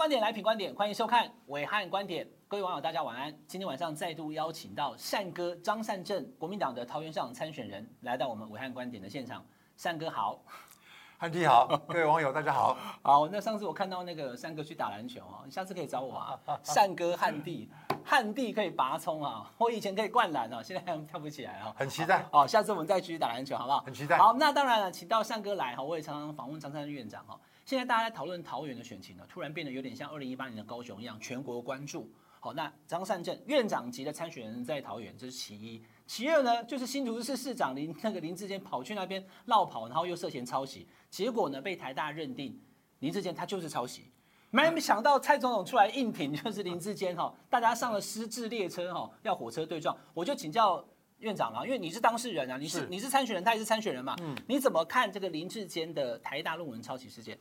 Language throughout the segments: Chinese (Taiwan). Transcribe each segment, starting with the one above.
觀點來品觀點，歡迎收看《暐瀚觀點》。各位網友，大家晚安。今天晚上再度邀請到善哥張善政，國民黨的桃園市長參選人，來到我們《暐瀚觀點》的現場。善哥好，瀚弟好，各位網友大家好。 好，那上次我看到那個善哥去打籃球，你下次可以找我啊。善哥瀚弟， 瀚弟可以拔蔥啊，我以前可以灌籃啊，現在跳不起來啊。很期待哦，下次我們再繼續打籃球好不好？很期待。好，那當然了，請到善哥來哈，我也常常訪問張善政院，院長哈。現在大家在討論桃園的選情呢、啊，突然變得有點像二零一八年的高雄一樣，全國關注。好，那張善政院長級的參選人在桃園，這是其一；其二呢，就是新竹市市長林那個林智堅跑去那邊落跑，然後又涉嫌抄襲，結果呢被台大認定林智堅他就是抄襲。沒，沒想到蔡總統出來硬挺，就是林智堅哈，大家上了失智列車哈，要火車對撞。我就請教院長啊，因為你是當事人啊，你是你是參選人，他也是參選人嘛，是你怎麼看這個林智堅的台大論文抄襲事件？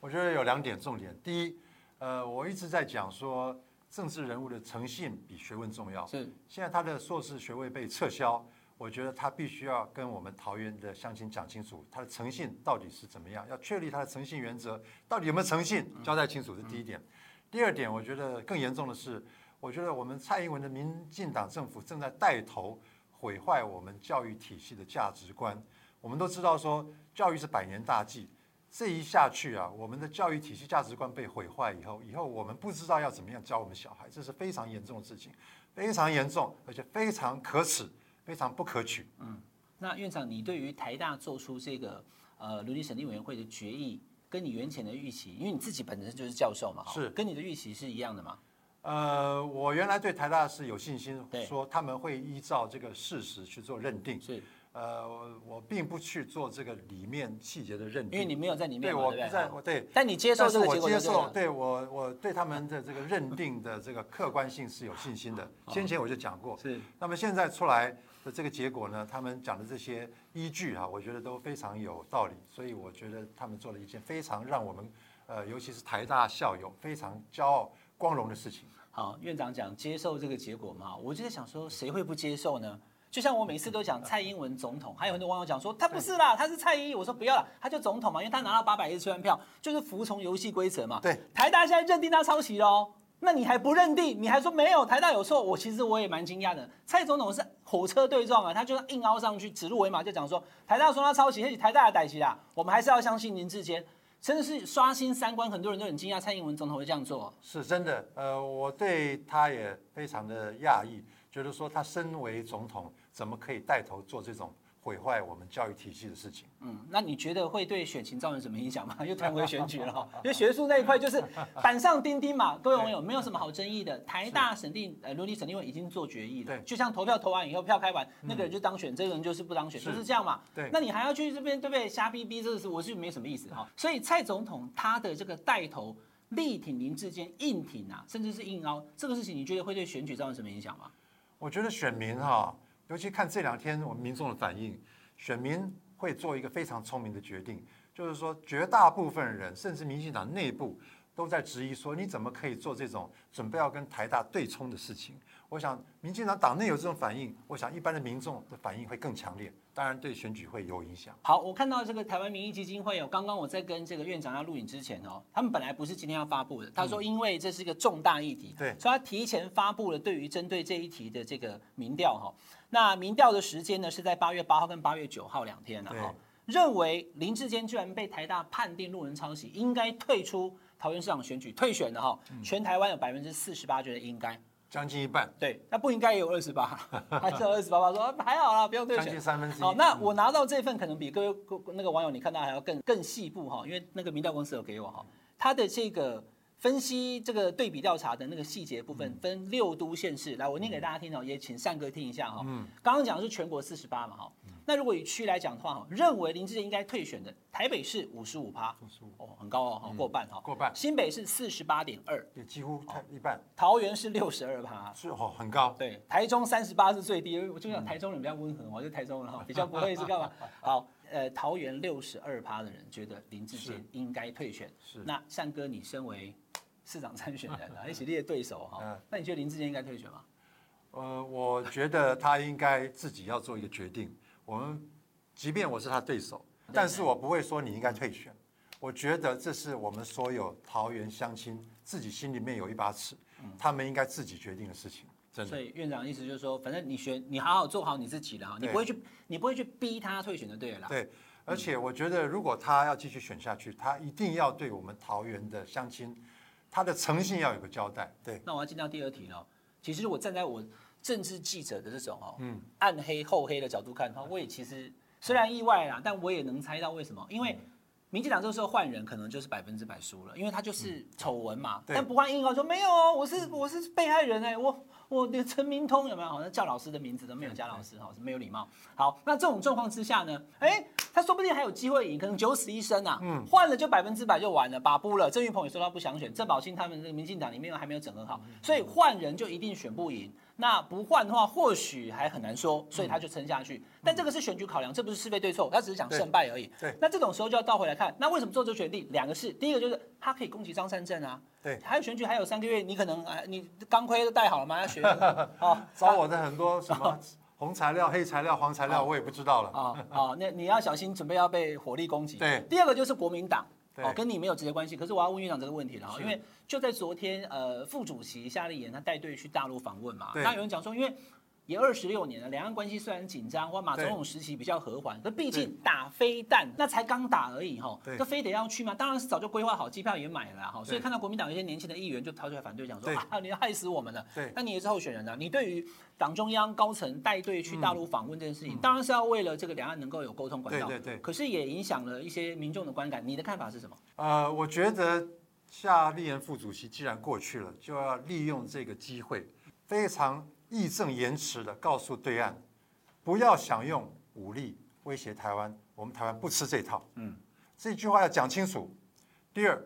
我覺得有兩點重點。第一，呃，我一直在講說，政治人物的誠信比學問重要。是，現在他的碩士學位被撤銷，我覺得他必須要跟我們桃園的鄉親講清楚，他的誠信到底是怎麼樣，要確立他的誠信原則，到底有沒有誠信，交代清楚、嗯、是第一點。嗯、第二點，我覺得更嚴重的是，我覺得我們蔡英文的民進黨政府正在帶頭毀壞我們教育體系的價值觀。我們都知道說，教育是百年大計。這一下去啊，我們的教育體系價值觀被毀壞以後，以後我們不知道要怎麼樣教我們小孩，這是非常嚴重的事情，非常嚴重，而且非常可恥，非常不可取。嗯，那院長，你對於台大做出這個呃倫理審定委員會的決議，跟你原先的預期，因為你自己本身就是教授嘛，是跟你的預期是一樣的嗎？呃，我原來對台大是有信心，說他們會依照這個事實去做認定。嗯、是。呃我，我並不去做這個裡面細節的認定，因為你沒有在裡面，對不對？我對，但你接受是我接受，嗯、對我，我對他們的這個認定的這個客觀性是有信心的。 先前我就講過、哦，是。那麼現在出來的這個結果呢，他們講的這些依據哈、啊，我覺得都非常有道理，所以我覺得他們做了一件非常讓我們，呃，尤其是台大校友非常驕傲、光榮的事情。好，院長講接受這個結果嘛，我就在想說，誰會不接受呢？就像我每次都講蔡英文總統，還有很多網友講說他不是啦，他是蔡英文。我說不要啦，他就總統嘛，因為他拿到八百一十萬票，就是服從遊戲規則嘛。對。台大現在認定他抄襲哦，那你還不認定？你還說沒有？台大有錯？我其實我也蠻驚訝的。蔡總統是火車對撞啊，他就硬凹上去，指鹿為馬，就講說台大說他抄襲，台大也歹欺啦。我們還是要相信林智堅，真的是刷新三觀，很多人都很驚訝蔡英文總統會這樣做啊。是真的，呃，我對他也非常的訝異，覺得說他身為總統。怎麼可以帶頭做這種毀壞我們教育體系的事情？嗯，那你覺得會對選情造成什麼影響嗎？又談回選舉了，因為學術那一塊就是板上釘釘嘛。各位網友，沒有什麼好爭議的。台大審定，呃，倫理審定會已經做決議了。對，就像投票投完以後，票開完，那個人就當選，這個人就是不當選，就是這樣嘛。對，那你還要去這邊對不對？瞎逼逼，這個事我是沒什麼意思哈。所以蔡總統他的這個帶頭力挺林智堅，硬挺啊，甚至是硬凹這個事情，你覺得會對選舉造成什麼影響嗎？我覺得選民哈。尤其看這兩天我們民眾的反應，選民會做一個非常聰明的決定，就是說，絕大部分人，甚至民進黨內部，都在質疑說，你怎麼可以做這種準備要跟台大對沖的事情。我想，民進黨黨內有這種反應，我想一般的民眾的反應會更強烈，當然對選舉會有影響。好，我看到這個台灣民意基金會有、哦，剛剛我在跟這個院長要錄影之前哦，他們本來不是今天要發布的，他說因為這是一個重大議題，嗯、對，所以他提前發布了對於針對這一題的這個民調哈、哦。那民調的時間呢是在八月八號跟八月九號兩天了哈、哦。對認為林智堅居然被台大判定論文抄襲，應該退出桃園市長選舉退選的哈、哦，全台灣有百分之四十八覺得應該。嗯將近一半，對，那不應該也有二十八，還是二十八，他說還好啦，不用對比。將近三分之一。好，那我拿到這份可能比各位那個網友你看到還要更更細部哈、哦，因為那個民調公司有給我哈、哦，他的這個分析這個對比調查的那個細節部分、嗯、分六都縣市，來我念給大家聽哦，嗯、也請善哥聽一下哈、哦。嗯、剛剛講的是全國四十八嘛哈。那如果以區來講的話，哈，認為林智堅應該退選的，台北市五十五趴，五十五哦，很高哦，哈，過半哈、哦嗯，過半。新北市四十八點二，對，幾乎一半。哦、桃園是六十二趴，是哦，很高。對，台中三十八是最低，因為我就想台中人比較溫和嘛，嗯、就台中人哈、哦、比較不會是幹嘛。 好，呃，桃園六十二趴的人覺得林智堅應該退選，是。那善哥，你身為市長參選人、啊，一起列對手哈、啊，呃、那你覺得林智堅應該退選嗎？呃，我覺得他應該自己要做一個決定。 我們，即便我是他對手，對啊、但是我不會說你應該退選。我覺得這是我們所有桃園鄉親自己心裡面有一把尺，嗯、他們應該自己決定的事情。真的。所以院長的意思就是說，反正你選，你好好做好你自己了，對你不會去，你不會去逼他退選的，對了。對。而且我覺得，如果他要繼續選下去，嗯、他一定要對我們桃園的鄉親，他的誠信要有個交代。對。那我要進到第二題了。其實我站在我。政治記者的這種哦，嗯、暗黑厚黑的角度看，他我也其實雖然意外啦，嗯、但我也能猜到為什麼，因為民進黨這時候換人，可能就是百分之百輸了，因為他就是醜聞嘛。嗯、但不換硬剛說對沒有哦，我是我是被害人哎、欸，我我連陳明通有沒有好像叫老師的名字都沒有加老師，對對對，好是沒有禮貌。好，那這種狀況之下呢，哎、欸。他說不定還有機會贏，可能九死一生啊！嗯、換了就百分之百就完了，把不了。鄭運鵬也說他不想選，鄭寶清他們這個民進黨裡面還沒有整合好，嗯嗯、所以換人就一定選不贏。那不換的話，或許還很難說，所以他就撐下去。嗯、但這個是選舉考量，嗯、這不是是非對錯，他只是想勝敗而已。對，對那這種時候就要倒回來看，那為什麼做出決定？兩個事，第一個就是他可以攻擊張善政啊。對，還有選舉還有三個月，你可能啊，你鋼盔都戴好了嗎？要學人 找我的很多什麼。哦 紅材料、黑材料、黃材料，我也不知道了啊啊。那你要小心，準備要被火力攻擊。對，第二個就是國民黨，哦對，跟你沒有直接關係。可是我要問院長這個問題了，是因為就在昨天，呃，副主席夏立言他帶隊去大陸訪問嘛，對那有人講說，因為。也二十六年了，兩岸關係雖然緊張，哇馬總統時期比較和緩，對可畢竟打飛彈對那才剛打而已哈，他非對得要去嗎？當然是早就規劃好，機票也買了哈。對所以看到國民黨一些年輕的議員就跳出來反對，講說對啊，你要害死我們了。那對你也是候選人啊，你對於黨中央高層帶隊去大陸訪問這件事情，嗯嗯、當然是要為了這個兩岸能夠有溝通管道，對對對。可是也影響了一些民眾的觀感，你的看法是什麼？呃，我覺得夏立言副主席既然過去了，就要利用這個機會，非常。義正言辭的告訴對岸，不要想用武力威脅台灣，我們台灣不吃這一套。嗯，這句話要講清楚。第二，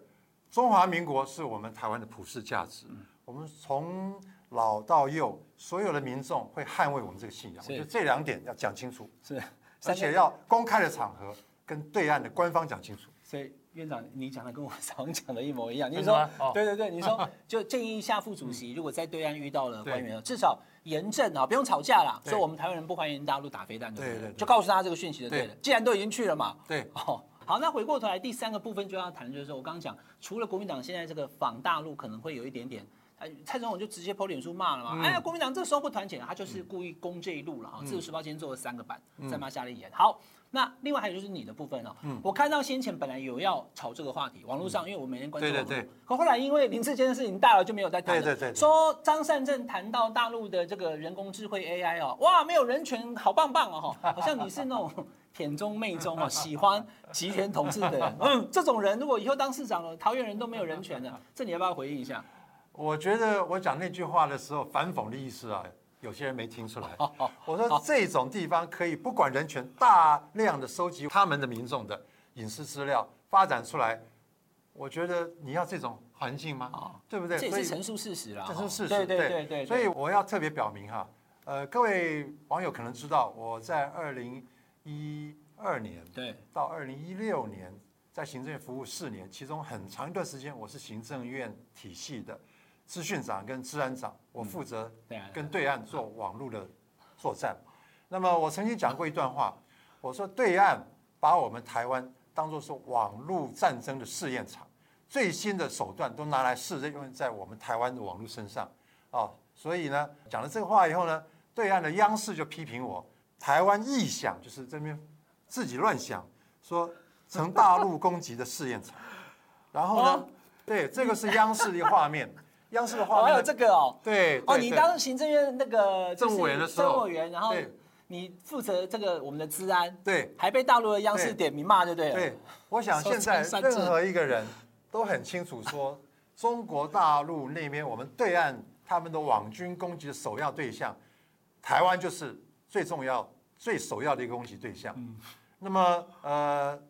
中華民國是我們台灣的普世價值，我們從老到幼，所有的民眾會捍衛我們這個信仰。所以這兩點要講清楚。是，而且要公開的場合跟對岸的官方講清楚。三天 所以院長，你講的跟我上午講的一模一樣。你說，對對對，你說就建議夏副主席，如果在對岸遇到了官員，至少。嗯對 炎正啊，不用吵架啦。所以我們台灣人不歡迎大陸打飛彈的，對對，就告訴大家這個訊息的，對的。既然都已經去了嘛，對，好，那回過頭來第三個部分就要談，就是說我剛剛講，除了國民黨現在這個訪大陸可能會有一點點。哎、蔡總統就直接 po 臉書罵了嘛，嗯、哎呀，國民黨這時候不團結，他就是故意攻這一路了。自由時報今天做了三個版在罵夏立言。好，那另外還有就是你的部分哦，嗯、我看到先前本來有要炒這個話題，網絡上、嗯、因為我每天關注，對對對。可後來因為林智堅的事情大了，就沒有再談了。對對，對對對。說張善政談到大陸的這個人工智慧 AI 哦，哇，沒有人權，好棒棒哦，好像你是那種舔 中媚中哦，喜歡吉田同志的人。嗯。這種人如果以後當市長了，桃園人都沒有人權了，這你要不要回應一下？我覺得我講那句話的時候，反諷的意思啊，有些人沒聽出來。我說這種地方可以不管人權，大量的收集他們的民眾的隱私資料，發展出來。我覺得你要這種環境嗎好？啊，對不對？這是陳述事實了，陳述事實、哦，對對對,對,對,對所以我要特別表明哈，呃，各位網友可能知道，我在二零一二年對到二零一六年，在行政院服務四年，對其中很長一段時間我是行政院體系的。資訊長跟資安長，我負責跟對岸做網絡的作戰。那麼我曾經講過一段話，我說對岸把我們台灣當作是網絡戰爭的試驗場，最新的手段都拿來試著用在我們台灣的網絡身上。啊，所以呢，講了這個話以後呢，對岸的央視就批評我台灣臆想，就是這邊自己亂想，說成大陸攻擊的試驗場。然後呢，哦、對這個是央視的畫面。 央視的話、哦，還有這個哦對。對，對哦，你當行政院那個政務員的時候，政務員，然後你負責這個我們的資安，對，還被大陸的央視點名罵，對不對？對。對，我想現在任何一個人都很清楚，說中國大陸那邊，我們對岸他們的網軍攻擊的首要對象，台灣就是最重要、最首要的一個攻擊對象。嗯、那麼呃，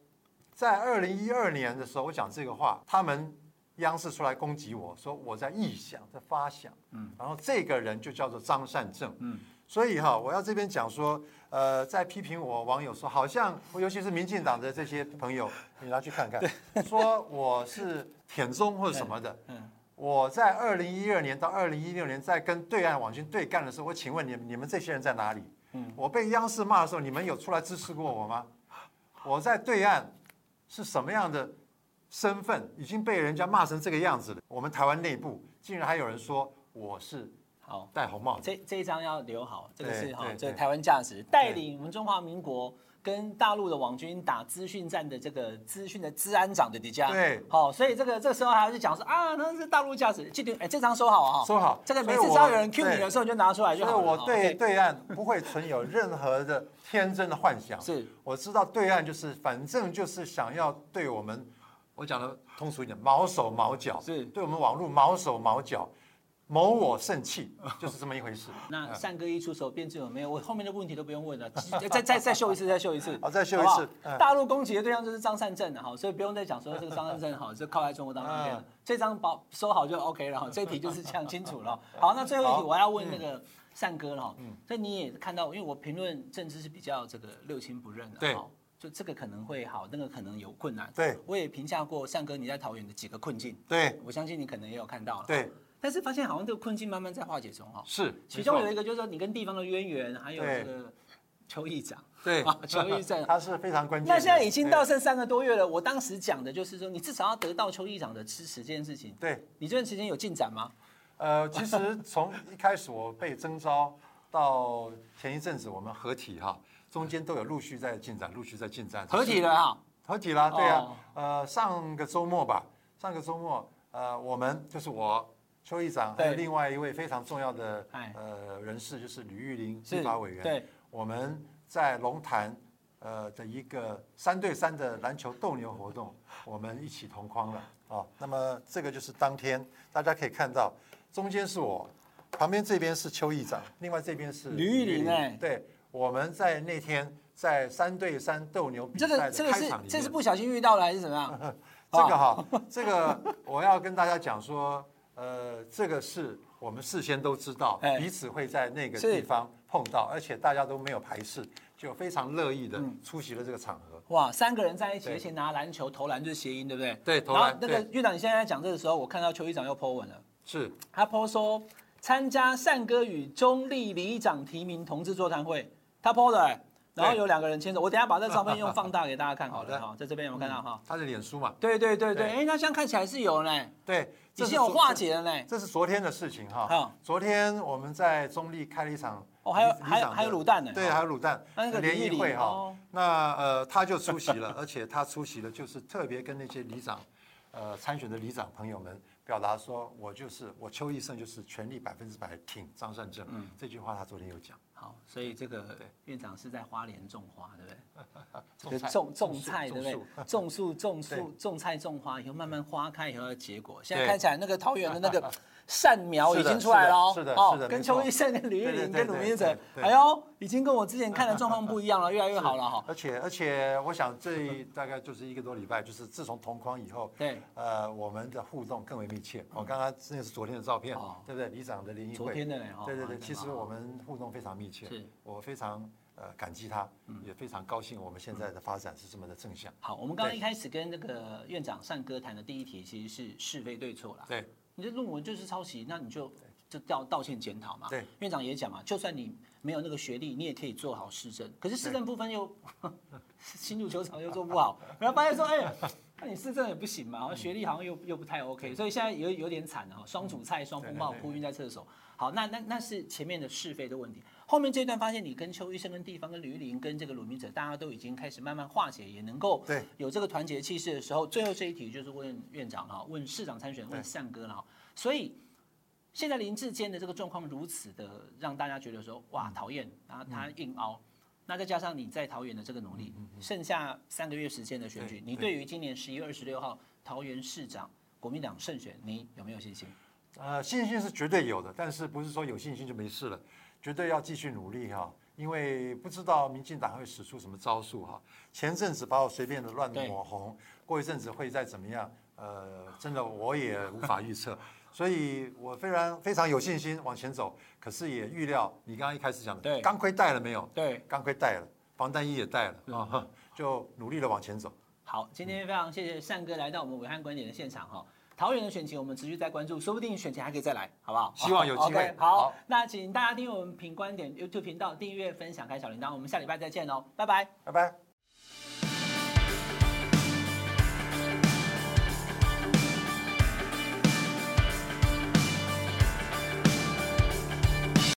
在二零一二年的時候，我講這個話，他們。央視出來攻擊我說我在臆想、在發想，嗯，然後這個人就叫做張善政，嗯，所以哈我要這邊講說，呃，在批評我網友說好像，尤其是民進黨的這些朋友，你拿去看看，說我是舔中或者什麼的，嗯，我在二零一二年到二零一六年在跟對岸網軍對幹的時候，我請問你，你們這些人在哪裡？嗯，我被央視罵的時候，你們有出來支持過我嗎？我在對岸是什麼樣的？身份已經被人家罵成這個樣子了，我們台灣內部竟然還有人說我是好戴紅帽子，這這一張要留好，這個是哈，這、哦就是、台灣價值對帶領我們中華民國跟大陸的網軍打資訊戰的這個資訊的資安長的疊加，對，好、哦，所以這個這個、時候還是講說啊，那是大陸價值，這個哎，這張收好哈，收、哦、好，這個每次只要有人 Q 你的時候，你就拿出來就好。所以我對對岸 Okay. 不會存有任何的天真的幻想， 是，我知道對岸就是反正就是想要對我們。我講的通俗一點，毛手毛腳是，對我們網絡毛手毛腳，謀我勝氣，嗯、就是這麼一回事。 那善哥一出手，便知有沒有？我後面的問題都不用問了，再 再再，再秀一次，再秀一次，好、哦，再秀一次。好好嗯、大陸攻擊的對象就是張善政的、啊、哈，所以不用再講說這個張善政好就靠在中國當中了、嗯、這邊這張包收好就 OK 了哈，這一題就是講清楚了。好，那最後一題我要問那個善哥了哈，嗯、所以你也看到，因為我評論政治是比較這個六親不認的，對。就這個可能會好，那個可能有困難。對，我也評價過善哥你在桃園的幾個困境。對，我相信你可能也有看到了。對，但是發現好像這個困境慢慢在化解中哈。是，其中有一個就是說你跟地方的淵源，還有這個邱議長，對啊，邱議長他是非常關鍵。那現在已經到剩三個多月了，我當時講的就是說你至少要得到邱議長的支持這件事情。對，你這段時間有進展嗎？呃，其實從一開始我被徵召到前一陣子我們合體哈。中間都有陸續在進展，陸續在進展。合體了啊！合體了，對啊。哦、呃，上個週末吧，上個週末，呃，我們就是我邱議長和對 另外一位非常重要的呃、哎、人士，就是呂玉玲立法委員，是對 我們在龍潭呃的一個三對三的籃球鬥牛活動，我們一起同框了啊、呃。那麼這個就是當天大家可以看到，中間是我，旁邊這邊是邱議長，另外這邊是呂玉玲，哎，欸、對。我們在那天在三對三鬥牛比賽的開場裡這是不小心遇到的還是怎麼樣？這個哈，這個我要跟大家講說，呃，這個是我們事先都知道彼此會在那個地方碰到，而且大家都沒有排斥，就非常樂意的出席了這個場合。哇，三個人在一起，而且拿籃球投籃就是諧音，對不對？對，投籃。那個院長，你現在在講這個時候，我看到邱議長又 PO 文了。是，他 PO 說參加善哥與中壢里長提名同志座談會。他 PO 的，然後有兩個人牽手。我等下把這照片用放大給大家看，好的在這邊有看到哈，他的臉書嘛。對對對對，哎，那現在看起來是有呢，對，已經有化解了呢。這是昨天的事情哈，昨天我們在中壢開了一場，哦，還有還有還有滷蛋呢。對，還有滷蛋那個聯誼會哈，那呃他就出席了，而且他出席了就是特別跟那些里長，呃，參選的里長朋友們。表達說：“我就是我，邱奕勝就是全力百分之百挺張善政。”這句話他昨天有講。好，所以這個院長是在花蓮種花，對不對？種種菜，對不對？種樹，種樹，種菜，種花，以後慢慢花開，以後的結果。現在看起來，那個桃園的那個善苗已經出來了哦。是的，哦，跟邱奕勝、跟呂玉玲、跟魯明哲，哎呦，已經跟我之前看的狀況不一樣了，越來越好了哈。而且而且，我想這大概就是一個多禮拜，就是自從同框以後，對，呃，我們的互動更為。密切，我、哦、剛剛這個是昨天的照片，哦、對不對？里長的聯誼會，昨天的，哦、對對對，啊、對，其實我們互動非常密切，是我非常呃感激他，嗯、也非常高興我們現在的發展是這麼的正向。好，我們剛剛一開始跟那個院長善哥談的第一題其實是是非對錯啦，對，你的論文就是抄襲，那你就就道道歉檢討嘛，對，院長也講嘛，就算你。沒有那個學歷，你也可以做好市政。可是市政部分又對新竹球場又做不好， 然後發現說，哎，那你市政也不行嘛，學歷好像又、嗯、又不太 OK，對所以現在有有點慘了雙主菜雙風暴，哭暈在廁所。對對對對好，那那那是前面的是非的問題，後面這一段發現你跟邱醫生、跟地方、跟呂玲、跟這個魯明哲，大家都已經開始慢慢化解，也能夠有這個團結氣勢的時候，對最後這一題就是問院長了，問市長參選，問善哥了，對所以。現在林志堅的這個狀況如此的，讓大家覺得說，哇討厭，然後他硬熬、嗯，嗯、那再加上你在桃園的這個努力，剩下三個月時間的選舉，你對於今年十一月二十六號桃園市長國民黨勝選，你有沒有信心？呃，信心是絕對有的，但是不是說有信心就沒事了，絕對要繼續努力哈、啊，因為不知道民進黨會使出什麼招數哈、啊，前陣子把我隨便的亂抹紅，對過一陣子會再怎麼樣，呃，真的我也無法預測。呵呵呵呃所以我非常非常有信心往前走，可是也預料你剛剛一開始講的，對鋼盔帶了沒有？對，鋼盔帶了，防彈對對 衣也帶了，是 就努力的往前走。好，今天非常謝謝善哥來到我們暐瀚觀點的現場哈、哦。桃園的選情我們持續在關注，說不定選情還可以再來，好不好？希望有機會。Okay, 好，好那請大家訂閱我們品觀點 YouTube 頻道，訂閱、分享、開小鈴鐺，我們下禮拜再見哦，拜拜，拜拜。